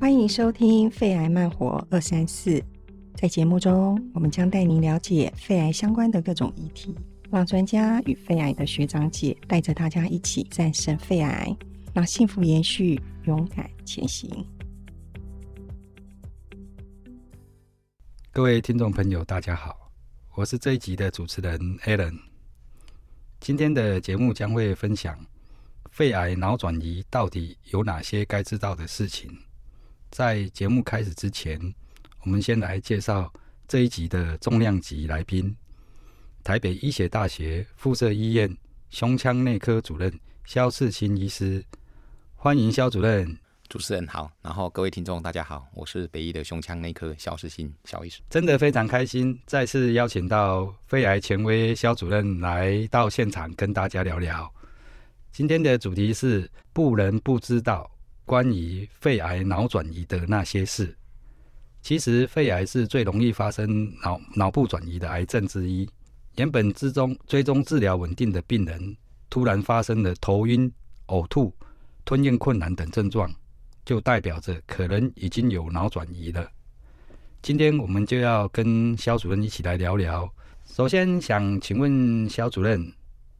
歡迎收聽《肺癌慢活二三四》。在節目中，我們將帶您了解肺癌相關的各種議題，讓專家與肺癌的學長姐帶着大家一起戰勝肺癌，讓幸福延續，勇敢前行。各位聽眾朋友，大家好，我是這一集的主持人 Alan。今天的節目將會分享肺癌腦轉移到底有哪些該知道的事情。在節目開始之前，我們先來介紹這一集的重量級來賓——台北醫學大學附設醫院胸腔內科主任蕭世欣醫師。歡迎蕭主任！主持人好，然後各位聽眾大家好，我是北醫的胸腔內科蕭世欣蕭醫生。真的非常開心，再次邀請到肺癌權威蕭主任來到現場，跟大家聊聊今天的主題是不能不知道。關於肺癌腦轉移的那些事，其實肺癌是最容易發生腦腦部轉移的癌症之一。原本之中追蹤治療穩定的病人，突然發生了頭暈、嘔吐、吞嚥困難等症狀，就代表着可能已經有腦轉移了。今天我們就要跟蕭主任一起來聊聊。首先想請問蕭主任，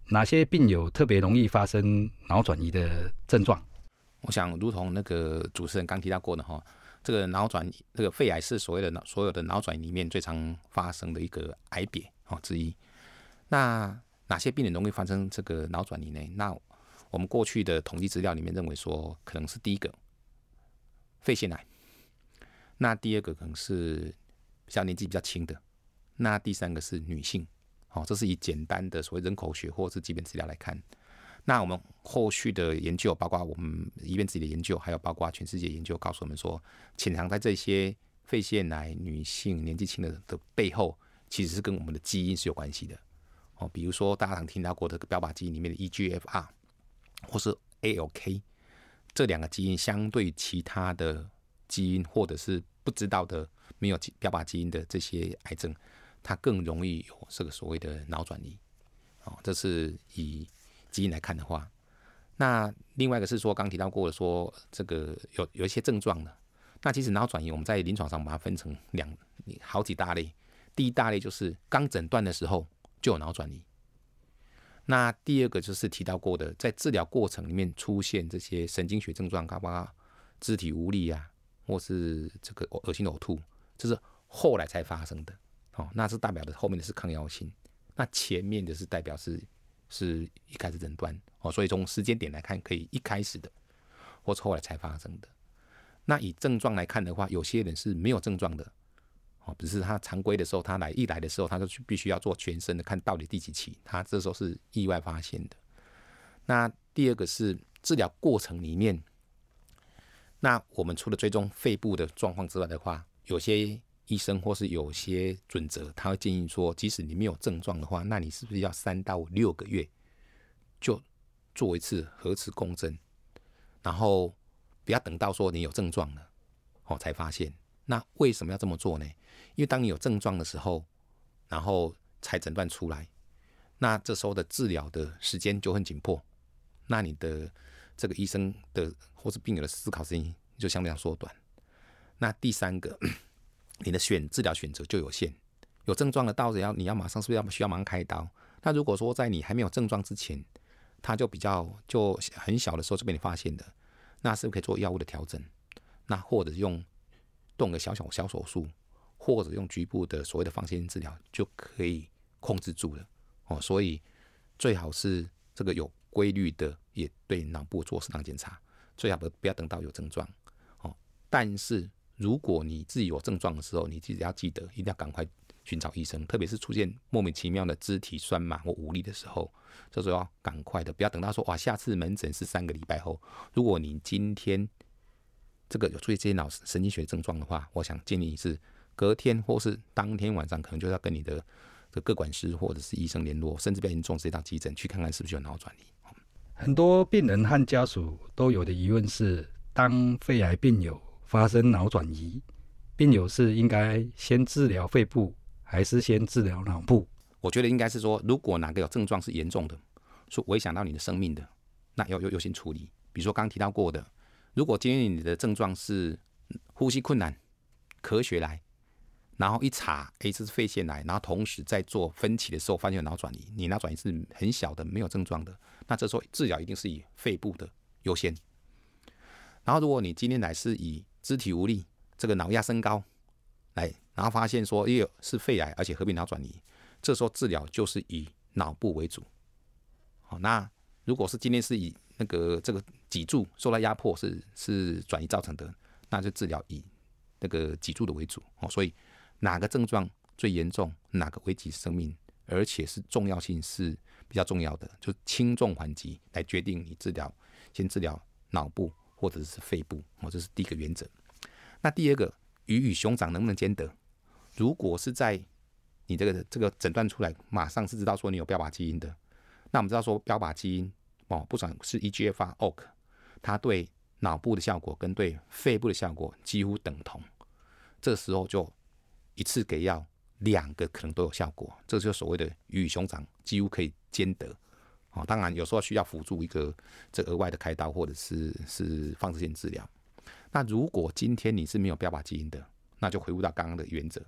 哪些病友特別容易發生腦轉移的症狀？我想，如同那個主持人剛提到過的哈，這個腦轉，這個肺癌是所謂的腦，所有的腦轉移裡面最常發生的一個癌別哦之一。那哪些病人容易發生這個腦轉移呢？那我們過去的統計資料裡面認為說，可能是第一個，肺腺癌；那第二個可能是比較年紀比較輕的；那第三個是女性。哦，這是以簡單的所謂人口學或者是基本資料來看。那我們後續的研究，包括我們醫院自己的研究，還有包括全世界研究，告訴我們說，潛藏在這些肺腺癌女性年紀輕的的背後，其實是跟我們的基因是有關係的。哦，比如說大家常聽到過的標靶基因裡面的 EGFR 或是 ALK 這兩個基因，相對其他的基因或者是不知道的沒有標靶基因的這些癌症，它更容易有這個所謂的腦轉移。哦，這是以。來看的話，那另外一個是說，剛提到過的，說這個有有一些症狀的。那其實腦轉移，我們在臨床上把它分成兩好幾大類。第一大類就是剛診斷的時候就有腦轉移。那第二個就是提到過的，在治療過程裡面出現這些神經學症狀，包括肢體無力啊，或是這個噁心嘔吐，這、就是後來才發生的。哦，那是代表的後面的是抗藥性，那前面的是代表是。是一開始診斷哦，所以從時間點來看，可以一開始的，或是後來才發生的。那以症狀來看的話，有些人是沒有症狀的哦，只是他常規的時候，他來一來的時候，他就去必須要做全身的，看到底第幾期，他這時候是意外發現的。那第二個是治療過程裡面，那我們除了追蹤肺部的狀況之外的話，有些。醫生或是有些準則，他會建議說，即使你沒有症狀的話，那你是不是要三到六個月就做一次核磁共振，然後不要等到說你有症狀了哦才發現。那為什麼要這麼做呢？因為當你有症狀的時候，然後才診斷出來，那這時候的治療的時間就很緊迫，那你的這個醫生的或是病友的思考時間就相對要縮短。那第三個。 你的選治療選擇就有限，有症狀的到時，要你要馬上，是不是要需要馬上開刀？那如果說在你還沒有症狀之前，他就比較就很小的時候就被你發現的，那是不是可以做藥物的調整？那或者用動個小小小手術，或者用局部的所謂的放射治療就可以控制住了哦。所以最好是這個有規律的也對腦部做適當檢查，最好不不要等到有症狀哦。但是。如果你自己有症狀的時候，你自己要記得一定要趕快尋找醫生，特別是出現莫名其妙的肢體酸麻或無力的時候，這時候要趕快的，不要等到說哇，下次門診是三個禮拜後。如果你今天這個有出現這些腦神經學症狀的話，我想建議你是隔天或是當天晚上可能就要跟你的個管師或者是醫生聯絡，甚至比較嚴重的直接到急診去看看是不是有腦轉移。很多病人和家屬都有的疑問是，當肺癌病友。發生腦轉移，病友是應該先治療肺部還是先治療腦部？我覺得應該是說，如果哪個有症狀是嚴重的，是會影響到你的生命的，那要要優先處理。比如說剛剛提到過的，如果今天你的症狀是呼吸困難、咳血來，然後一查，誒、哎，這、就是肺腺癌，然後同時在做分期的時候發現有腦轉移，你腦轉移是很小的，沒有症狀的，那這時候治療一定是以肺部的優先。然後如果你今天來是以肢體無力，這個腦壓升高，來，然後發現說，哎，是肺癌，而且合併腦轉移，這時候治療就是以腦部為主。好，那如果是今天是以那個這個脊柱受到壓迫是，是是轉移造成的，那就治療以那個脊柱的為主。哦，所以哪個症狀最嚴重，哪個危及生命，而且是重要性是比較重要的，就輕重緩急來決定你治療，先治療腦部。或者是肺部，哦，這是第一個原則。那第二個，魚與熊掌能不能兼得？如果是在你這個這個診斷出來，馬上是知道說你有標靶基因的，那我們知道說標靶基因，哦，不管是 EGFR、ALK 它對腦部的效果跟對肺部的效果幾乎等同。這時候就一次給藥兩個可能都有效果，這就是所謂的魚與熊掌幾乎可以兼得。哦，當然有時候需要輔助一個這額外的開刀，或者是是放射線治療。那如果今天你是沒有標靶基因的，那就回復到剛剛的原則。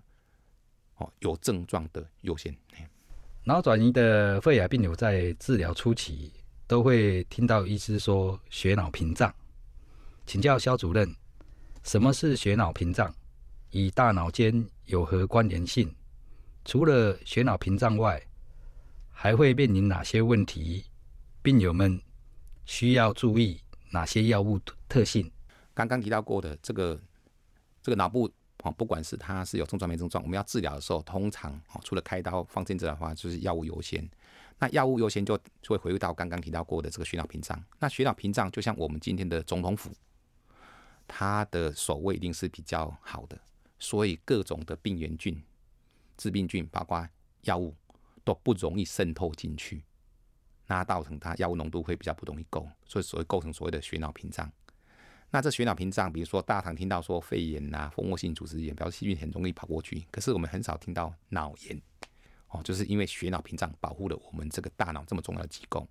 哦，有症狀的優先。腦轉移的肺癌病友在治療初期都會聽到醫師說血腦屏障，請教蕭主任，什麼是血腦屏障？與大腦間有何關聯性？除了血腦屏障外，還會面臨哪些問題？病友們需要注意哪些藥物特性？剛剛提到過的這個這個腦部啊，不管是它是有症狀沒症狀，我們要治療的時候，通常啊除了開刀放針治療的話，就是藥物優先。那藥物優先就會回歸到剛剛提到過的這個血腦屏障。那血腦屏障就像我們今天的總統府，它的守衛一定是比較好的，所以各種的病原菌、致病菌，包括藥物。不容易滲透進去，那造成它藥物濃度會比較不容易夠，所以所謂構成所謂的血腦屏障。那這血腦屏障，比如說大堂聽到說肺炎啊、蜂窩性組織炎，表示細菌很容易跑過去，可是我們很少聽到腦炎哦，就是因為血腦屏障保護了我們這個大腦這麼重要的機構。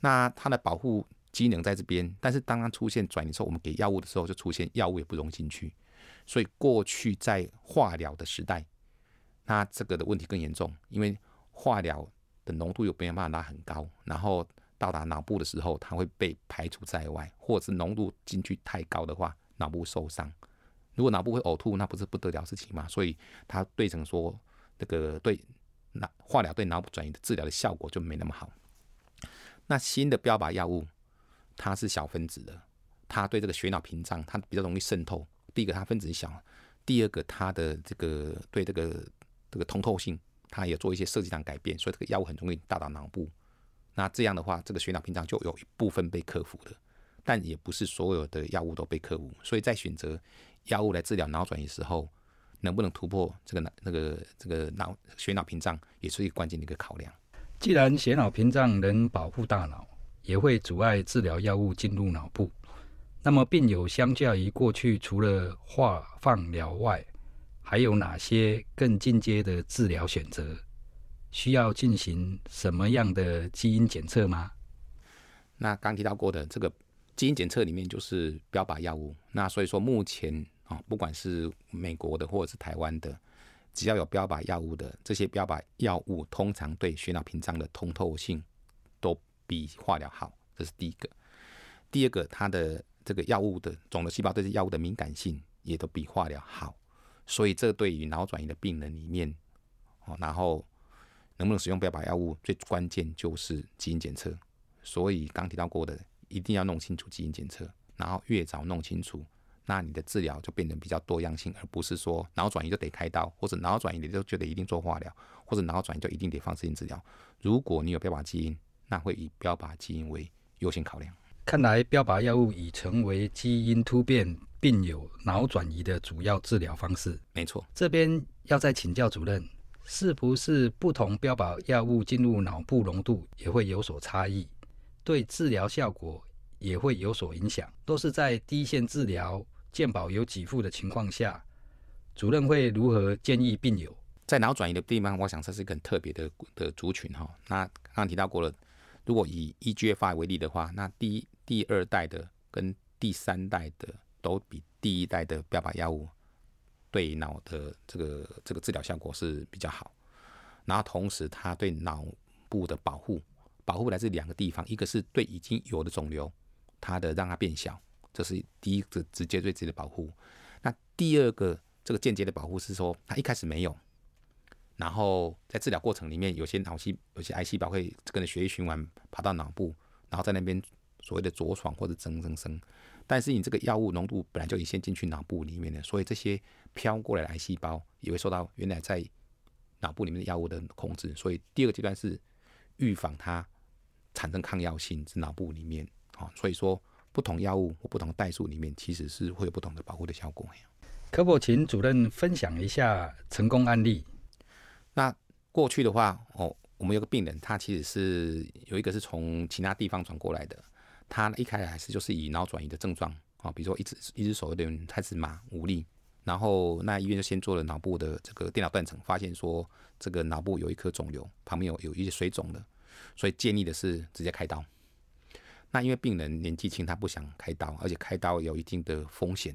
那它的保護機能在這邊，但是當它出現轉移之後，我們給藥物的時候就出現藥物也不容易進去，所以過去在化療的時代，那這個的問題更嚴重，因為。化療的濃度又沒有沒辦法拉很高，然後到達腦部的時候，它會被排除在外，或者是濃度進去太高的話，腦部受傷。如果腦部會嘔吐，那不是不得了事情嗎？所以它對成說，這個對那化療對腦部轉移的治療的效果就沒那麼好。那新的標靶藥物，它是小分子的，它對這個血腦屏障它比較容易滲透。第一個它分子小，第二個它的這個對這個這個通透性。它也做一些設計上的改變，所以這個藥物很容易到達腦部。那這樣的話，這個血腦屏障就有一部分被克服的，但也不是所有的藥物都被克服。所以在選擇藥物來治療腦轉移的時候，能不能突破這個腦那個這個腦血腦屏障，也是一個關鍵的一個考量。既然血腦屏障能保護大腦，也會阻礙治療藥物進入腦部，那麼病友相較於過去，除了化放療外，還有哪些更進階的治療選擇？需要進行什麼樣的基因檢測嗎？那剛提到過的這個基因檢測裡面就是標靶藥物。那所以說，目前啊、哦，不管是美國的或者是台灣的，只要有標靶藥物的這些標靶藥物，通常對血腦屏障的通透性都比化療好。這是第一個。第二個，它的這個藥物的腫瘤細胞對這藥物的敏感性也都比化療好。所以，這對於腦轉移的病人裡面，哦，然後能不能使用標靶藥物，最關鍵就是基因檢測。所以，剛提到過的，一定要弄清楚基因檢測，然後越早弄清楚，那你的治療就變得比較多樣性，而不是說腦轉移就得開刀，或者腦轉移你就就得一定做化療，或者腦轉移就一定得放射性治療。如果你有標靶基因，那會以標靶基因為優先考量。看來標靶藥物已成為基因突變。病友腦轉移的主要治療方式，沒錯。這邊要再請教主任，是不是不同標靶藥物進入腦部濃度也會有所差異，對治療效果也會有所影響？都是在低線治療健保有給付的情況下，主任會如何建議病友？在腦轉移的地方，我想這是一個很特別的的族群哈。那剛剛提到過了，如果以 EGFR 為例的話，那第第二代的跟第三代的。都比第一代的標靶藥物對腦的這個這個治療效果是比較好，然後同時它對腦部的保護，保護來自兩個地方，一個是對已經有的腫瘤，它的讓它變小，這是第一個直接對自己的保護。那第二個這個間接的保護是說，它一開始沒有，然後在治療過程裡面，有些腦細有些癌細胞會跟着血液循環爬到腦部，然後在那邊所謂的茁壯，或者增增生生。但是你這個藥物濃度本來就已經先進去腦部裡面了，所以這些飄過來的癌細胞也會受到原來在腦部裡面的藥物的控制。所以第二個階段是預防它產生抗藥性在腦部裡面啊。所以說不同藥物或不同代數裡面其實是會有不同的保護的效果。可否請主任分享一下成功案例？那過去的話哦，我們有個病人，他其實是有一個是從其他地方轉過來的。他一開始還是就是以腦轉移的症狀啊，比如說一隻一隻手有點開始麻無力，然後那醫院就先做了腦部的這個電腦斷層，發現說這個腦部有一顆腫瘤，旁邊有有一些水腫的，所以建議的是直接開刀。那因為病人年紀輕，他不想開刀，而且開刀有一定的風險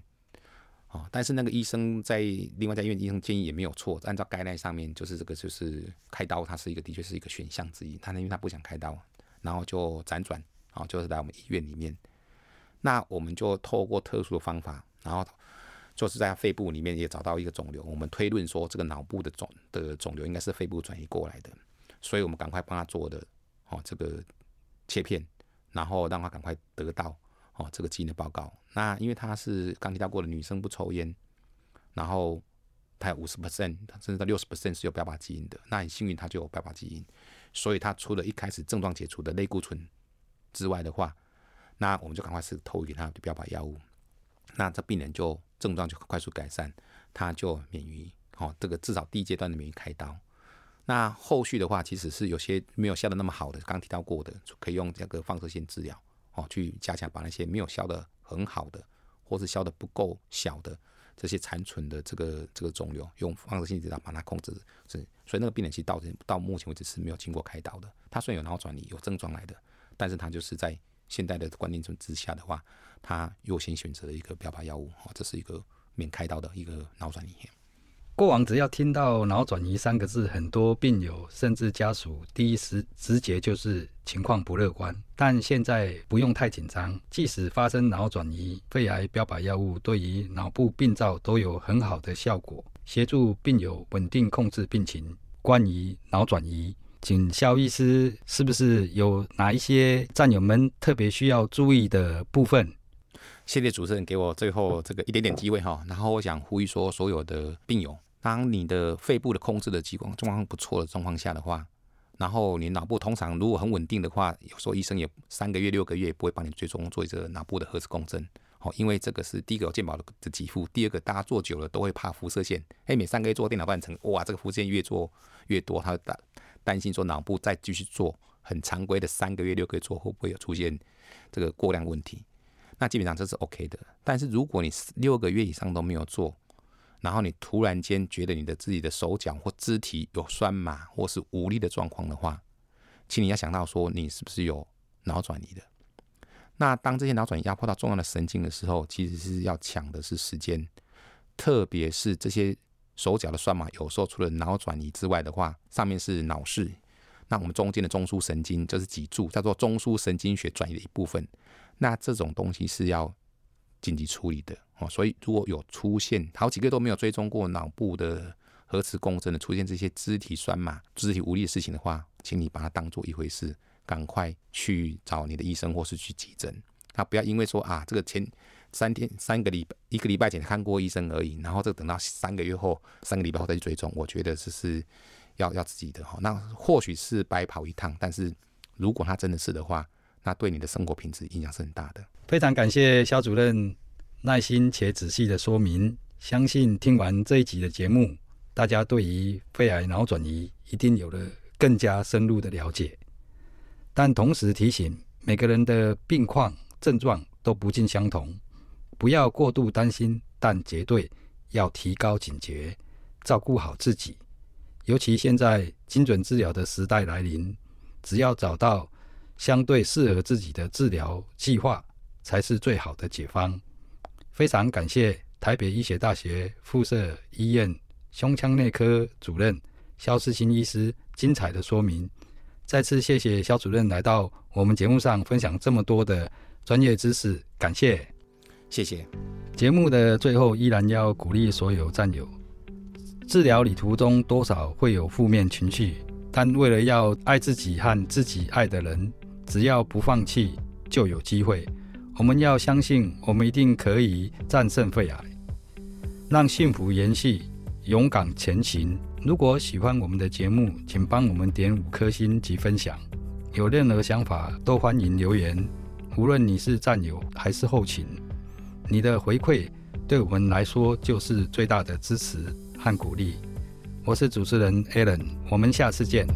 哦，但是那個醫生在另外在醫院醫生建議也沒有錯，按照概念上面就是這個就是開刀，它是一個的確是一個選項之一。他因為他不想開刀，然後就輾轉。啊，就是來我們醫院裡面，那我們就透過特殊的方法，然後就是在肺部裡面也找到一個腫瘤。我們推論說，這個腦部的腫的腫瘤應該是肺部轉移過來的，所以我們趕快幫他做的哦這個切片，然後讓他趕快得到哦這個基因的報告。那因為他是剛提到過的女生不抽菸，然後他有五十 percent，甚至到六十 percent 是有 EGFR 基因的。那很幸運，他就有 EGFR 基因，所以他除了一開始症狀解除的類固醇。之外的話，那我們就趕快是投給他標靶藥物，那這病人就症狀就快速改善，他就免於哦這個至少第一階段的免於開刀。那後續的話，其實是有些沒有消的那麼好的，剛提到過的可以用這個放射線治療哦，去加強把那些沒有消的很好的，或是消的不夠小的這些殘存的這個這個腫瘤，用放射性治療把它控制。是，所以那個病人其實到到目前為止是沒有經過開刀的，他雖然有腦轉移有症狀來的。但是他就是在現代的觀念中之下的話，他優先選擇了一個標靶藥物，這是一個免開刀的一個腦轉移。過往只要聽到腦轉移三個字，很多病友甚至家屬第一時直覺就是情況不樂觀，但現在不用太緊張。即使發生腦轉移，肺癌標靶藥物對於腦部病灶都有很好的效果，協助病友穩定控制病情。關於腦轉移，請蕭醫師，是不是有哪一些戰友們特別需要注意的部分？謝謝主持人給我最後這個一點點機會哈。然後我想呼籲說，所有的病友，當你的肺部的控制的激光狀況不錯的狀況下的話，然後你腦部通常如果很穩定的話，有時候醫生也三個月六個月也不會幫你追蹤做一次腦部的核磁共振。好，因為這個是第一個有健保的給付。第二個大家做久了都會怕輻射線。誒，每三個月做電腦斷層，哇，這個輻射線越做越多，它大。擔心說，腦部再繼續做很常規的三個月六個月做，會不會有出現這個過量問題？那基本上這是 OK 的。但是如果你六個月以上都沒有做，然後你突然間覺得你的自己的手腳或肢體有酸麻或是無力的狀況的話，請你要想到說，你是不是有腦轉移的？那當這些腦轉移壓迫到重要的神經的時候，其實是要搶的是時間，特別是這些。手腳的酸麻，有時候除了腦轉移之外的話，上面是腦室，那我們中間的中樞神經就是脊柱，叫做中樞神經學轉移的一部分。那這種東西是要緊急處理的哦。所以如果有出現好幾個都沒有追蹤過腦部的核磁共振的，出現這些肢體酸麻、肢體無力的事情的話，請你把它當做一回事，趕快去找你的醫生或是去急診。那不要因為說，啊，這個錢。三天三個禮拜一個禮拜前看過醫生而已，然後這等到三個月後三個禮拜後再去追蹤，我覺得這是要要自己的哈。那或許是白跑一趟，但是如果他真的是的話，那對你的生活品質影響是很大的。非常感謝蕭主任耐心且仔細的說明，相信聽完這一集的節目，大家對於肺癌腦轉移一定有了更加深入的了解。但同時提醒，每個人的病況、症狀都不盡相同。不要過度擔心，但絕對要提高警覺，照顧好自己。尤其現在精準治療的時代來臨，只要找到相對適合自己的治療計劃，才是最好的解方。非常感謝台北醫學大學附設醫院胸腔內科主任蕭世欣醫師精彩的說明。再次謝謝蕭主任來到我們節目上分享這麼多的專業知識，感謝。謝謝。節目的最後，依然要鼓勵所有戰友。治療旅途中多少會有負面情緒，但為了要愛自己和自己愛的人，只要不放棄，就有機會。我們要相信，我們一定可以戰勝肺癌，讓幸福延續，勇敢前行。如果喜歡我們的節目，請幫我們點五顆星及分享。有任何想法，都歡迎留言。無論你是戰友還是後勤。你的回饋對我們來說，就是最大的支持和鼓勵。我是主持人 Alan，我們下次見。